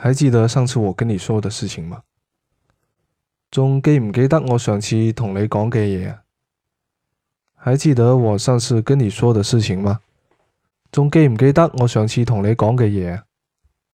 還記得上次我跟你說的事情嗎？仲記唔記得我上次同你講嘅嘢啊？還記得我上次跟你說的事情嗎？仲記唔記得我上次同你講嘅嘢？